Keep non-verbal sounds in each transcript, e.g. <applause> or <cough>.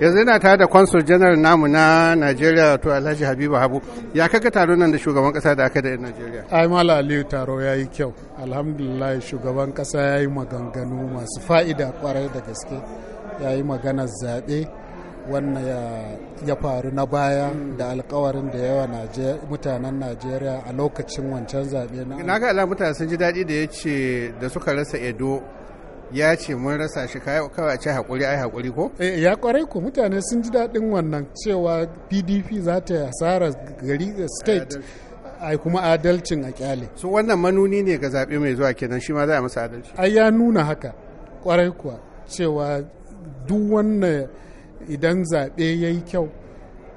yanzu yana tare da consul general namu na nigeria to alhaji habibu habu ya kaka taron nan da shugaban kasa da aka da yan nigeria. ai mala aliyu taro ya yi kyau alhamdulillah shugaban kasa ya yi maganganu masu fa'ida kwarai da gaske ya yi maganar zaɓe wannan ya faru na baya da alkawarin da yawa mutanen najeriya a lokacin wancan zaɓe na ga mutane sun ji daɗi da ya ce da suka rasa edo ya ce mun rasa shi kawai ce haƙuri ai haƙuri ko? Eh, ya ƙwarai ku mutane sun ji daɗin wannan cewa pdp za ta hasara gari eh, state ai kuma adalcin a kyale. su wannan manuni ne ga zaɓe mai zuwa kenan shi ma za a masa adalci. ai ya nuna haka ƙwarai kuwa cewa duk wannan idan zaɓe ya yi kyau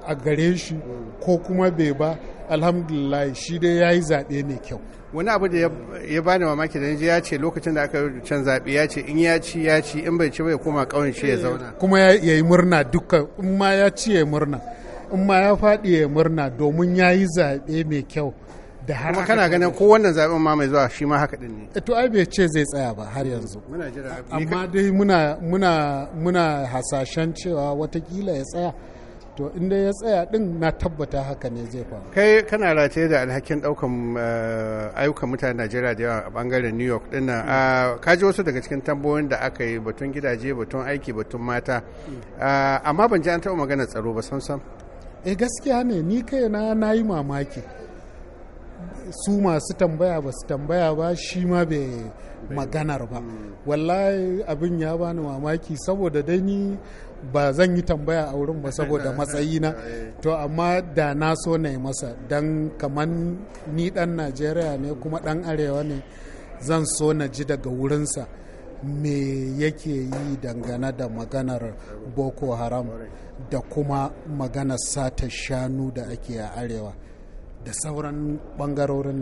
a gare shi ko kuma bai ba alhamdulillah shi dai ya yi zaɓe mai kyau wani abu da ya bani mamaki da ya ce lokacin da aka can zaɓe ya ce in ya ci ya ci in bai ci bai koma ƙauyen shi ya eh, zauna kuma ya yi murna dukkan in ma ya ci ya murna in ma ya faɗi ya murna domin ya yi zaɓe mai kyau da har kuma kana ganin ko wannan zaɓen ma mai zuwa shi ma haka din ne eh, to ai bai ce zai tsaya ba har yanzu muna jira amma dai muna muna muna hasashen cewa watakila ya tsaya to inda ya tsaya din na tabbata haka ne zai faru kai kana rataye da alhakin daukan eh, ayyukan mutane najeriya da yawa a bangaren new york din nan ah, ka ji wasu daga cikin tambayoyin da aka yi batun gidaje batun aiki batun mata ah, amma ban ji an taɓa magana tsaro ba sam sam eh gaskiya ne ni kai na na yi mamaki su masu tambaya ba su tambaya ba shi ma bai maganar ba wallahi abin ya bani mamaki saboda dai ni ba zan yi tambaya a wurin ba saboda <laughs> matsayi na to amma da na so na yi masa don kaman ni dan najeriya ne kuma dan arewa ne zan so na ji daga wurinsa me yake yi dangane da maganar boko haram da kuma maganar sata shanu da ake a arewa da sauran bangarorin